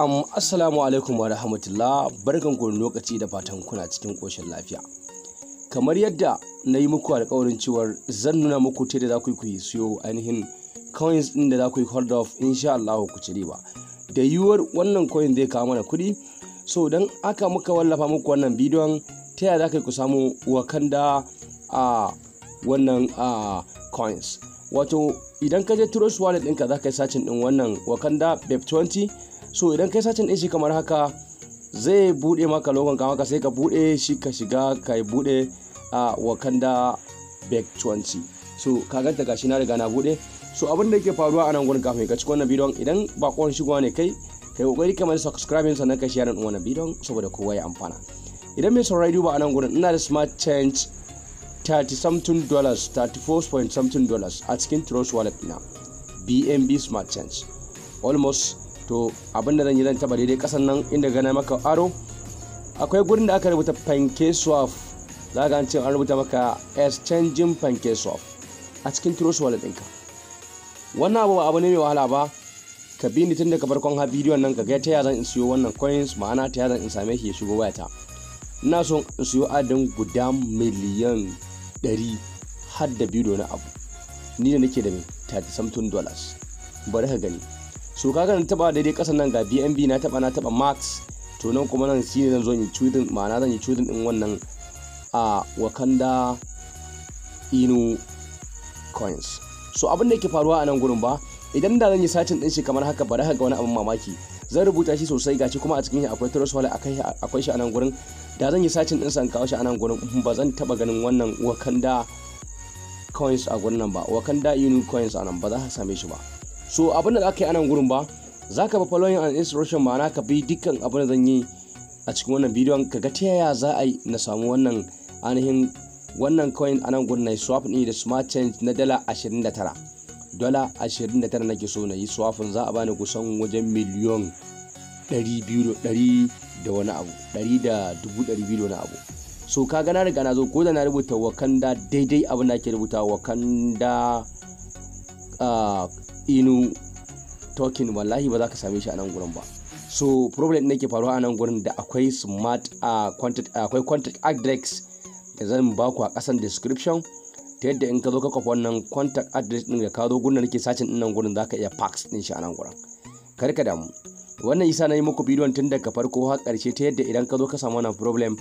Um, assalamu alaikum wa rahmatullah barkan ku lokaci da fatan kuna cikin koshin lafiya. Kamar yadda na yi muku alkawarin cewar zan nuna muku ta da za ku yi ku siyo ainihin coins ɗin da za ku yi hold off insha Allah ku ci riba. Da yiwuwar wannan coin zai kawo mana kuɗi so don aka muka wallafa muku wannan bidiyon ta yaya za ka ku samu wakanda a ah, wannan uh, coins. wato idan ka je trust wallet ɗinka za ka yi sacin ɗin wannan wakanda bep 20 so idan ka yi sacin ɗin shi kamar haka zai buɗe maka logon ka sai ka buɗe shi ka shiga ka yi buɗe a wakanda bep 20 so ka ganta gashi na riga na buɗe so abin da yake faruwa a nan gurin kafin ka ci wannan bidon idan bakon shigowa ne kai kai kokari kamar subscribing sannan ka share wannan bidon saboda kowa ya amfana idan mai sauraro ba a nan gurin ina da smart change 30 something dollars 34 point something dollars a cikin trust wallet na bnb smart change almost to abinda zan yi zan taba daidai kasan nan inda gana maka aro akwai gurin da aka rubuta Panke swap za ga an an rubuta maka exchanging Panke swap a cikin trust wallet ɗinka wannan abu ba abu ne mai wahala ba ka bi ni tun daga farkon ha bidiyon nan ka ga ta zan in siyo wannan coins ma'ana ta zan in same shi ya shigo wayata ina son in siyo adadin guda miliyan dari har da biyu da wani abu ni da nake da mai 30 something dollars bari ka gani so kaga na taba daidai kasan nan ga bnb na taba na taba max to nan kuma nan shine zan zo in cutin ma'ana zan yi cutin din wannan a wakanda inu coins so abin da yake faruwa a nan gurin ba idan da zan yi satin din shi kamar haka bari ka ga wani abin mamaki zan rubuta shi sosai gashi kuma a cikin shi akwai trust wallet akwai shi a nan gurin da zan yi sacin ɗinsa in kawo shi a nan gurin ba zan taɓa ganin wannan wakanda coins a gurin nan ba wakanda uni coins a nan ba za ka same shi ba so abin da za ka yi a nan gurin ba za ka bi following an instruction ma'ana ka bi dukkan abin da zan yi a cikin wannan bidiyon ka ga ta yaya za a yi na samu wannan ainihin wannan coin a nan gurin na swap ne da smart change na dala 29 dala 29 nake so na yi swafin za a bani kusan wajen miliyon 200 da wani abu 100 da 200 da wani abu so ka gana riga na zo ko da na rubuta wakanda daidai abin da ke rubuta wakanda uh, inu talking wallahi ba za ka same shi a nan gurin ba so problem da ke faruwa a nan gurin da akwai smart ah, ah, akwai contact address da zan baku a kasan description ta yadda in ka zo ka wannan contact address din da ka zo gurin da nake sacin din nan gurin za ka iya fax din shi a nan gurin kar ka damu wannan isa na yi muku bidiyon tun daga farko har ƙarshe ta yadda idan ka zo ka samu wannan problem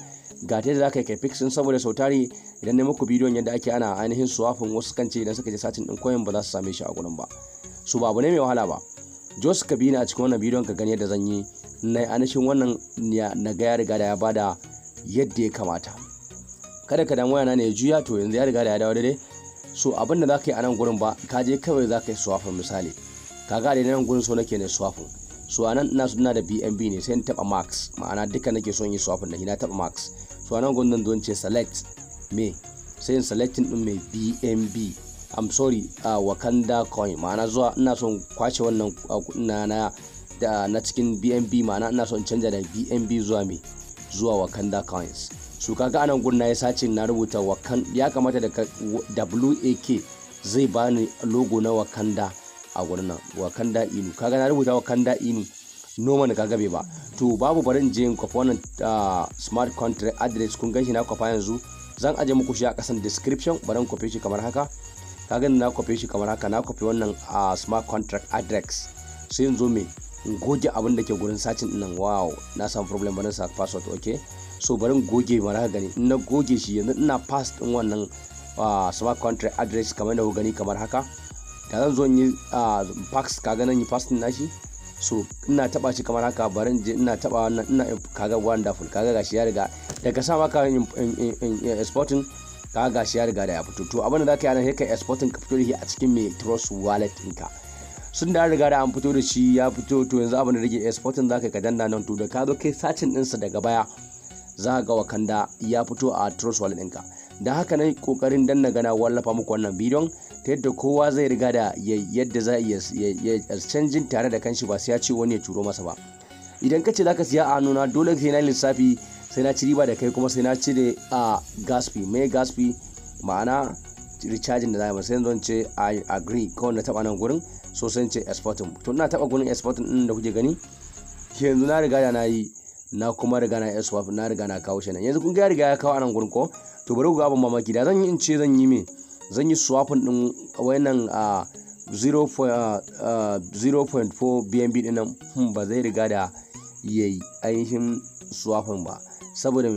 ga ta yadda za ka yi fix saboda sau tari idan na muku bidiyon yadda ake ana ainihin suwafin wasu kan ce idan suka je satin din koyon ba za su same shi a gurin ba su ba abu ne mai wahala ba jos ka bi ni a cikin wannan bidiyon ka gani yadda zan yi na yi ainihin wannan na ga ya riga da ya bada yadda ya kamata kada ka damu yana ne juya to yanzu ya riga da ya dawo daidai so abin da za ka yi a nan gurin ba ka je kawai za ka yi suwafin misali kaga da nan gurin so nake ne suwafin. so anan ina suna da bnb ne sai in taba max ma'ana duka nake son yi swap da ina taba max so anan gundun don ce select me sai in selecting din mai bnb i'm sorry a uh, wakanda coin ma'ana zuwa ina son kwace wannan na na da na cikin bnb ma'ana ina son canja da bnb zuwa me zuwa wakanda coins su kaga anan gurin ya sace na rubuta wakan ya kamata da wak zai bani logo na wakanda a gurin nan wakanda inu kaga na rubuta wakanda inu noman ka gabe ba to babu barin je in kwafa wannan ah, smart contract address kun ganshi na kwafa yanzu zan aje muku shi a kasan description barin kwafe shi kamar haka kaga na kwafe shi kamar haka na kwafe wannan ah, smart contract address sai yanzu me in goge abin da ke gurin sacin nan wow na samu problem barin sa password okay so barin goge mara ka gani in na goge shi yanzu ina pass din wannan ah, smart contract address kamar da ku gani kamar haka da zan zo yi fax kaga nan yi fasting nashi so ina taba shi kamar haka barin je ina taba wannan ina kaga wonderful kaga gashi ya riga daga sa maka exporting kaga gashi ya riga da ya fito to abin da zaka yi nan sai ka exporting ka fito da shi a cikin mai trust wallet ɗinka sun da riga da an fito da shi ya fito to yanzu abin da rage exporting zaka ka danna nan to da ka zo kai sacin ɗinsa daga baya za ga wakanda ya fito a trust wallet ɗinka da haka na kokarin danna gana wallafa muku wannan bidiyon ta yadda kowa zai riga da yadda za a iya canjin tare da kanshi ba sai ya ce wani ya turo masa ba idan ka ce zaka siya a hannuna dole sai na lissafi sai na ci riba da kai kuma sai na cire a gas mai gas ma'ana recharging da zai sai zan ce i agree kawai na taba nan gurin so sai ce exporting to ina taba gurin exporting din da kuke gani yanzu na riga da na yi na kuma riga na swap na riga na kawo shi nan yanzu kun ga riga ya kawo anan gurin ko to bari ku ga mamaki da zan yi in ce zan yi me zan yi swapping din wayannan a 0.4 bnb dinnan ba zai riga da yayi ainihin swapping ba saboda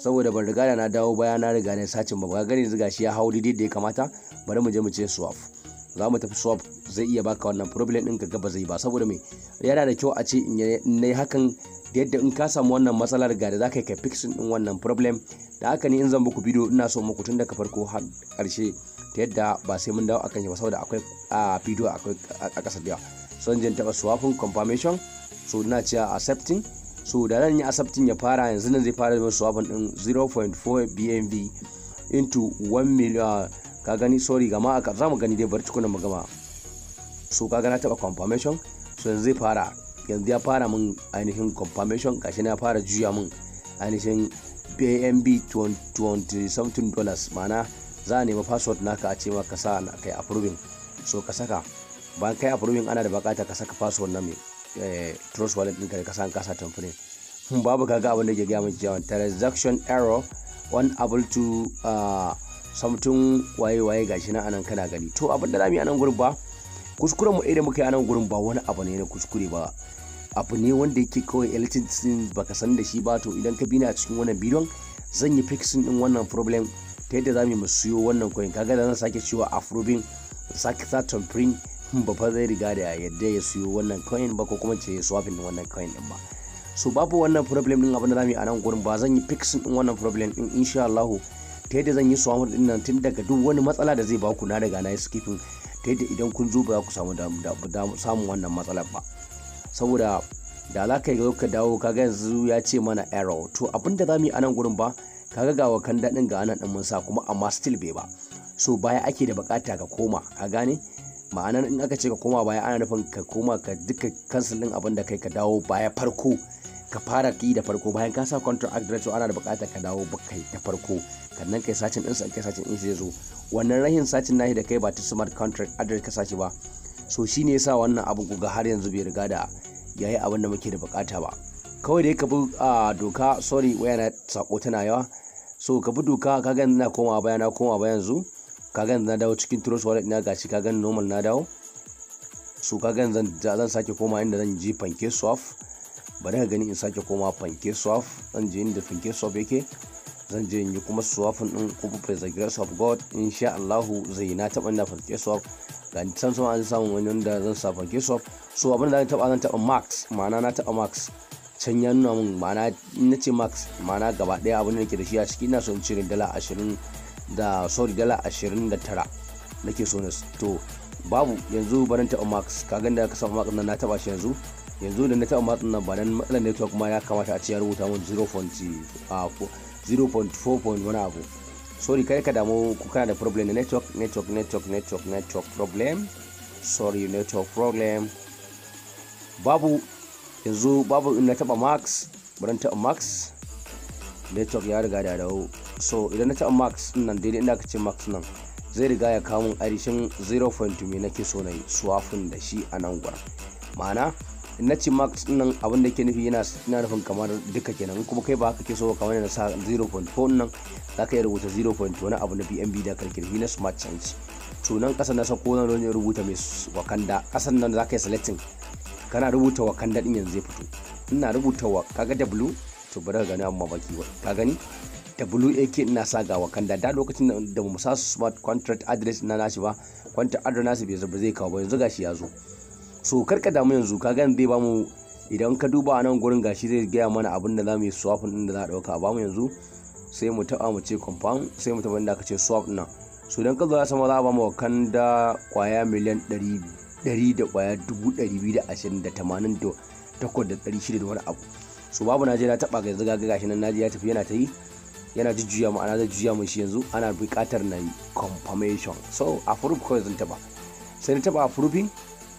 saboda ban riga da na dawo baya na riga da sacin ba ga gani ziga shi ya hau didi da ya kamata bari mu je mu ce swap za mu tafi swap zai iya baka wannan problem din gaba zai ba saboda me yana da kyau a ce in yi hakan yadda in ka samu wannan matsalar ga da za ka yi ka fixing din wannan problem da haka ni in zan muku bidiyo ina so muku tun daga farko har karshe ta yadda ba sai mun dawo akan shi ba saboda akwai a bidiyo akwai a kasar da son jin taba swapping confirmation so ina cewa accepting so da ran yi accepting ya fara yanzu nan zai fara da swapping din 0.4 BNB into 1 million ka gani sorry gama aka za mu gani dai bar tukuna mu gama so ka gana taba confirmation so yanzu zai fara yanzu ya fara mun ainihin confirmation gashi na fara juya mun ainihin bnb 20 something dollars mana za a nemi password naka a ce maka sa na kai approving so ka saka bayan kai approving ana da bakata ka saka password na mai eh, trust wallet ɗinka da kasa san kasa tamfirin babu kaga abin da ke gaya mai jiyawan transaction error one able to uh, ah, something waye waye gashi na anan kana gani to abin da na yi anan gurin ba kuskuren mu da muka yi anan gurin ba wani abu ne na kuskure ba abu ne wanda yake kawai elitist ba baka san da shi ba to idan ka bina a cikin wannan bidon zan yi fixing din wannan problem ta yadda za mu mu siyo wannan coin kaga da zan sake cewa afrobin sake sa tampering hmm, ba fa zai riga da yadda ya siyo wannan coin ba ko kuma ce ya swapping din wannan coin din ba so babu wannan problem din abin da mu yi a nan gurin ba zan yi fixing din wannan problem din insha Allah ta yadda zan yi swapping din nan tun daga duk wani matsala da zai baku na daga na yi skipping ta yadda idan kun zo ba za ku samu samun wannan matsalar ba saboda da za ka ka dawo kaga yanzu ya ce mana arrow to abin da za mu yi a nan gurin ba kaga ga wakan daɗin ga anan ɗin mun sa kuma amma still bai ba so baya ake da bukata ka koma ka gane ma'ana in aka ce ka koma baya ana nufin ka koma ka duka cancel din abin da kai ka dawo baya farko ka fara ki da farko bayan ka sa contract act ana da bukata ka dawo kai da farko kannan kai sacin ɗinsa kai sacin ɗinsa zai zo wannan rahin sacin nahi da kai ba ta smart contract address ka sace ba so shi ne yasa wannan abin kuga har yanzu bai riga da yayi abin da muke da bukata ba kawai dai ka bi doka sorry waya na sako tana yawa so ka bi doka ka ga na koma baya na koma baya yanzu ka ga na dawo cikin trust wallet na gashi ka ga normal na dawo so ka gani zan sake koma inda zan ji panke swap ba ka gani in sake koma panke swap zan je inda panke swap yake zan je yi kuma swap din kuma preservation of god insha Allah zai na taɓa na panke swap ga can sama an samu wani wanda zan sa Microsoft so abin da zan taba zan taba Max ma'ana na taba Max can ya nuna min ma'ana na ce Max ma'ana gaba daya abin da nake da shi a ciki ina son cire dala 20 da sorry dala 29 nake so na to babu yanzu barin taba Max ka ga da ka samu Max na taba shi yanzu yanzu da na taba Max na ba nan matsalar network ma ya kamata a ce ya rubuta min 0.4.1 ah, wani abu sorry kare ka damu kana da problem na network network network network network problem sorry network problem babu yanzu babu in na taba max bari taba max network ya riga da dawo so idan na taba max nan daidai ina aka ce max nan zai riga ya mun arishin 0.2 me nake so na yi swafin da shi a nan gwar ma'ana in na ce max nan abin da ke nufi yana nufin kamar duka kenan kuma kai ba haka ke so kamar yana sa 0.4 nan za ka iya rubuta 0.1 wani abu na bnb da kirkirhi na smart change to nan ƙasa na sako na wani rubuta mai wakanda kasan nan za ka yi selecting kana rubuta wakanda din yanzu zai fito ina rubuta wa kaga w to bari ka gani amma baki ka gani WAK ina sa ga Wakanda da lokacin da mu sa smart contract address na nashi ba contract address nashi bai zai kawo ba yanzu gashi ya zo so karka damu yanzu ka gani zai bamu idan ka duba nan gurin gashi zai gaya mana abin da za mu yi swap din da za a dauka bamu yanzu sai mu taɓa mu ce compound sai mu taɓa inda aka ce swap na so don kazo ya sama za a ba mu kanda kwaya miliyan 100 da kwaya 220 da 80 da 600 da wani abu so babu najeriya na taɓa ga zaga gashi nan najeriya ya tafi yana ta yi yana jujjuya ma'ana zai juya mu shi yanzu ana buƙatar na confirmation so furuf kawai zan taɓa sai na taɓa approving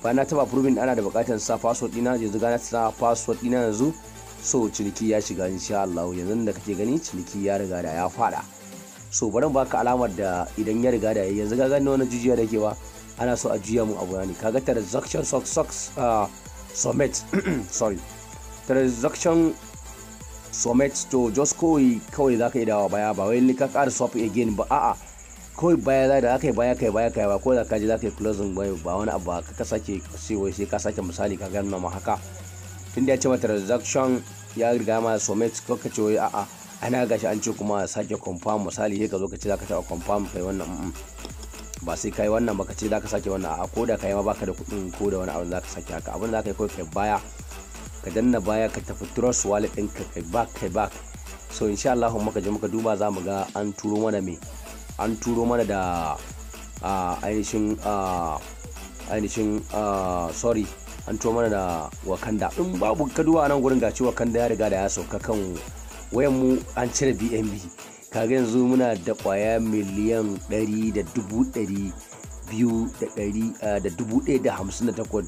ba na taɓa approving ana da buƙatar sa password dina yanzu ga na sa password dina yanzu so ciniki ya shiga insha Allah yanzu da kake gani ciniki ya riga da ya fada so bari baka alamar da idan ya riga da yanzu ka gani wannan jijiya da ke ba ana so a juya mu abu ne kaga transaction socks summit ah, sorry transaction summit to just kawai kawai zaka yi dawa baya ba wai ka ƙara swap again ba a'a kawai baya za da aka yi baya kai baya kai ba ko da ka ji za ka yi closing ba wani abu ka sake sai wai sai ka sake misali ka gano ma haka tun da ya ce ma transaction ya riga ma somet ko ka ce a'a ana gashi an ce kuma sake confirm misali sai ka zo ka ce zaka taɓa confirm kai wannan mm, mm. ba sai kai wannan ba ka ce zaka sake wannan a'a ko da kai ma baka da kuɗin ko da wani abu zaka sake haka abin da zaka yi ko kai baya ka danna baya ka tafi trust wallet ka kai back kai back so insha Allah muka je muka duba za mu ga an turo mana me an turo mana da ah, ainihin ah, ainihin ah, sorry an to mana da wakanda in babu kaduwa nan gurin gaci wakanda ya riga da ya sauka kan wayan mu an cire bnb kaga yanzu muna da kwaya miliyan 100 da dubu biyu da ɗari da eh, da da dubu ɗaya hamsin takwas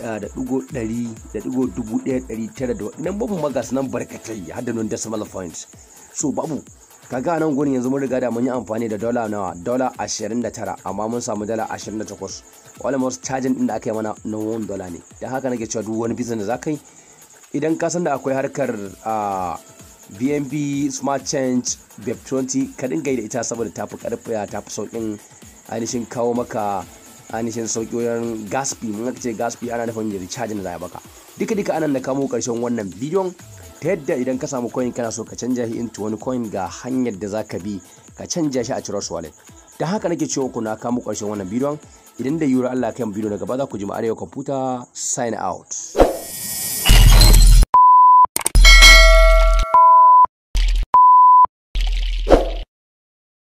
ɗigo ɗari da ɗigo dubu ɗaya ɗari tara da waɗannan babu magas nan barkatai har da non decimal points so babu kaga nan gurin yanzu mun riga da mun yi amfani da dola nawa dola 29 amma mun samu dala 28 almost charging din da aka yi mana na wani dola ne don haka nake cewa duk wani business da za ka yi idan ka san da akwai harkar bnb smart change bep 20 ka dinga yi da ita saboda ta fi karfiya ta fi saukin ainihin kawo maka ainihin sauki wajen gaspi mun ce gaspi ana nufin recharging da za a baka duka duka anan da kamo karshen wannan bidiyon ta yadda idan ka samu coin kana so ka canja shi into wani coin ga hanyar da zaka bi ka canja shi a Trust Wallet da haka nake cewa ku na kamu ƙarshen wannan bidiyon idan da yura Allah ka mu bidiyo na gaba za ku ji ma'arewa computer sign out